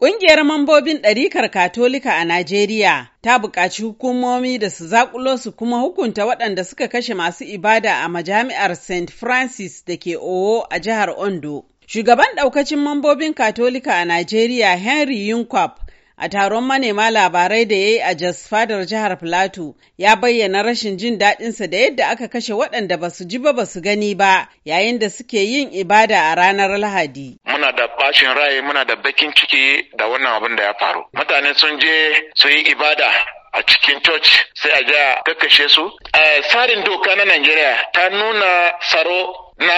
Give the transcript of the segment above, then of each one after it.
Ƙungiyar mambobin ɗarikar Katolika a Najeriya ta buƙaci hukumomi da su zaƙulo su kuma hukunta waɗanda suka kashe masu ibada a majami'ar St. Francis da ke Owo a jihar Ondo. Shugaban ɗaukacin mambobin Katolika a Najeriya Henry Yunkwap a taron manema labarai da ya yi a Jos fadar jihar Filato ya bayyana rashin jin daɗinsa da yadda aka kashe waɗanda ba su ji ba su gani ba yayin da suke yin ibada a ranar Lahadi. Muna da bashin rai, muna da bakin ciki da wannan abin da ya faru. Mutane sun je su yi ibada a cikin church sai a ga kakkashe su. Eh, tsarin doka na Najeriya ta nuna tsaro na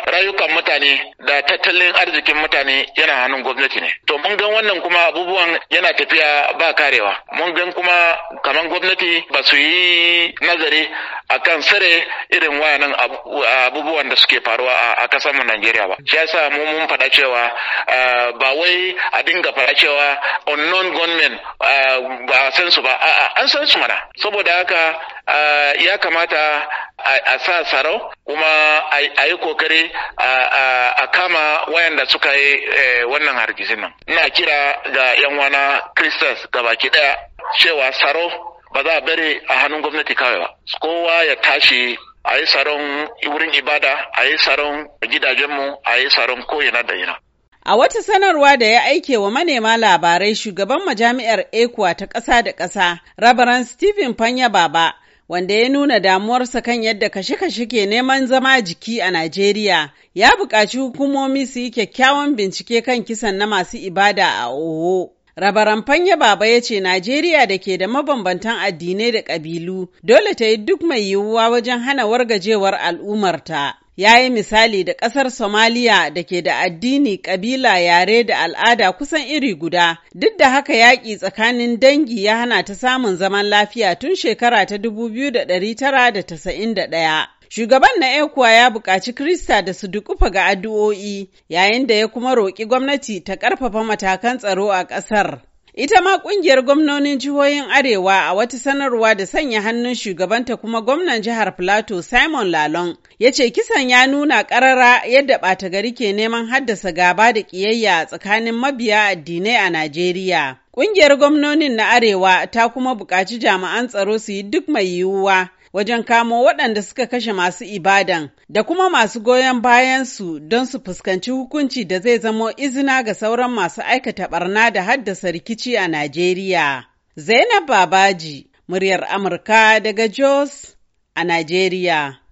rayukan mutane da tattalin arzikin mutane yana hannun gwamnati ne. To mun gan wannan kuma abubuwan yana tafiya ba karewa. Mun gan kuma kamar gwamnati ba su yi nazari a kan sare irin wayanan abubuwan da suke faruwa a kasar mu Najeriya ba. Shi yasa mu mun faɗa cewa ba wai a dinga faɗa cewa unknown gunmen ba san su ba a'a an san su mana saboda haka ya kamata a sa sarau kuma a yi kokari a kama wayanda suka yi eh, wannan hargitsin nan ina kira ga yan wana ga gabaki ɗaya, cewa tsaro ba za a bari a hannun gwamnati kawai ba kowa ya tashi a yi tsaron wurin ibada a yi tsaron gidajenmu a yi tsaron koyina da yana. A wata sanarwa da ya aike wa manema labarai shugaban majami'ar Ekwa ta ƙasa da ƙasa, Rabaran Stephen Fanya Baba wanda ya nuna damuwarsa kan yadda kashe-kashe ke neman zama jiki a Najeriya, ya buƙaci hukumomi su yi kyakkyawan bincike kan kisan na masu ibada a Owo. Rabaran Fanya Baba ya ce Najeriya da ke da mabambantan addinai da ƙabilu dole ta yi duk mai yiwuwa wajen hana wargajewar al'ummarta. ya yi misali da ƙasar Somaliya da ke da addini, ƙabila, yare da al'ada kusan iri guda, duk da haka yaƙi tsakanin dangi ya hana ta samun zaman lafiya tun shekara ta 2991. Shugaban na ekuwa ya buƙaci Krista da su dukufa ga addu'o'i yayin da ya kuma roƙi gwamnati ta ƙarfafa matakan tsaro a ƙasar. Ita ma kungiyar gwamnonin jihohin Arewa a wata sanarwa da sanya hannun shugabanta kuma gwamnan jihar Filato Simon Lalon ya ce kisan ya nuna karara yadda ɓata gari ke neman haddasa gaba da ƙiyayya a tsakanin mabiya addinai a Najeriya. Kungiyar gwamnonin na Arewa ta kuma buƙaci jami'an tsaro su yi duk mai yiwuwa wajen kamo waɗanda suka kashe masu ibadan da kuma masu goyon bayansu don su fuskanci hukunci da zai zamo izina ga sauran masu aikata barna da haddasa rikici a Najeriya. Zainab Babaji, muryar Amurka daga Jos a Najeriya.